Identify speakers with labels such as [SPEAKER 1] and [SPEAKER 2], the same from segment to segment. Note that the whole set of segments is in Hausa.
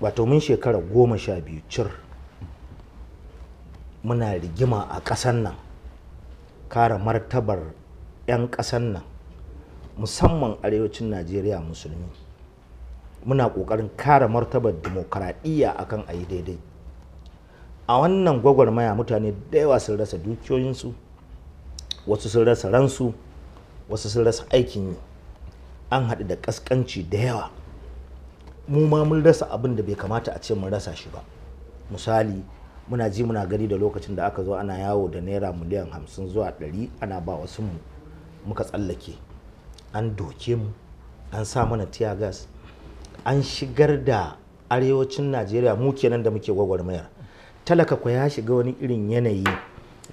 [SPEAKER 1] wato mun shekara goma sha biyu cir muna rigima a ƙasan nan kara martabar 'yan ƙasan nan musamman arewacin najeriya musulmi muna ƙoƙarin kara martabar dimokuraɗiyya akan a yi daidai a wannan gwagwarmaya mutane da yawa sun rasa dukiyoyinsu wasu sun rasa ransu wasu sun rasa aikin yi an haɗu da ƙasƙanci da yawa mu ma mun rasa abin da bai kamata a ce mun rasa shi ba misali muna ji muna gani da lokacin da aka zo ana yawo da naira miliyan hamsin zuwa ɗari ana ba wasu mu muka tsallake an doke mu an sa mana tiya gas an shigar da arewacin najeriya mu kenan da muke gwagwarmayar talaka ku ya shiga wani irin yanayi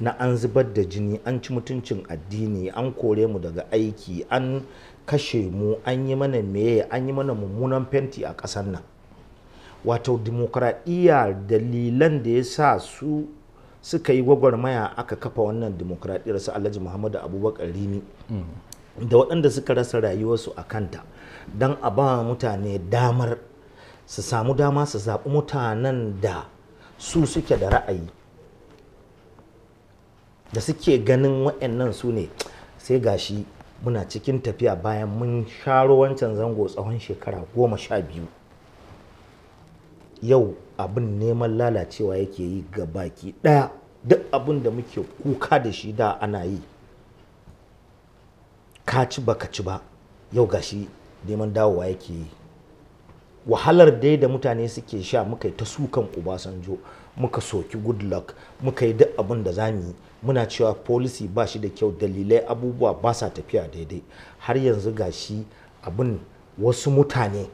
[SPEAKER 1] na an zubar da jini an ci mutuncin addini an kore mu daga aiki an kashe mu an yi mana meye an yi mana mummunan fenti a ƙasar nan wato dimokuraɗiyya dalilan da ya sa su suka yi gwagwarmaya aka kafa wannan dimokuraɗiyyar su alhaji muhammadu abubakar rimi mm. da waɗanda suka rasa rayuwarsu a kanta don a ba mutane damar su samu dama su zaɓi mutanen da su suke da ra'ayi da suke ganin waɗannan su ne sai gashi muna cikin tafiya bayan mun sharo wancan zango tsawon shekara goma sha biyu yau abin neman lalacewa yake yi ga baki ɗaya duk abin da muke kuka da shi da ana yi ka ci baka ci ba yau gashi neman dawowa yake yi wahalar dai da mutane suke sha muka yi ta sukan obasanjo muka soki luck muka yi duk abin da za yi muna cewa policy ba shi da kyau dalilai abubuwa ba sa tafiya daidai har yanzu ga shi abin wasu mutane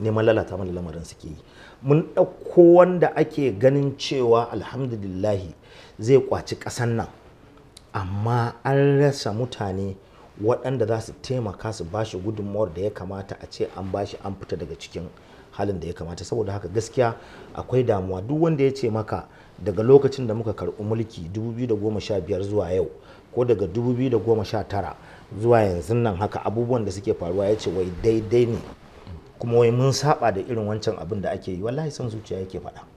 [SPEAKER 1] neman lalata mana lamarin suke yi mun ɗauko wanda ake ganin cewa alhamdulillahi zai kwaci ƙasan nan amma an rasa mutane waɗanda za su taimaka su ba shi gudunmawar da ya kamata a ce an ba shi an fita daga cikin halin da ya kamata saboda haka gaskiya akwai damuwa duk wanda ya ce maka daga lokacin da muka karɓi mulki 2015 zuwa yau ko daga 2019 zuwa yanzu nan haka abubuwan da suke faruwa ya ce wai daidai ne kuma wai mun saba da irin wancan abin da ake yi wallahi son zuciya yake faɗa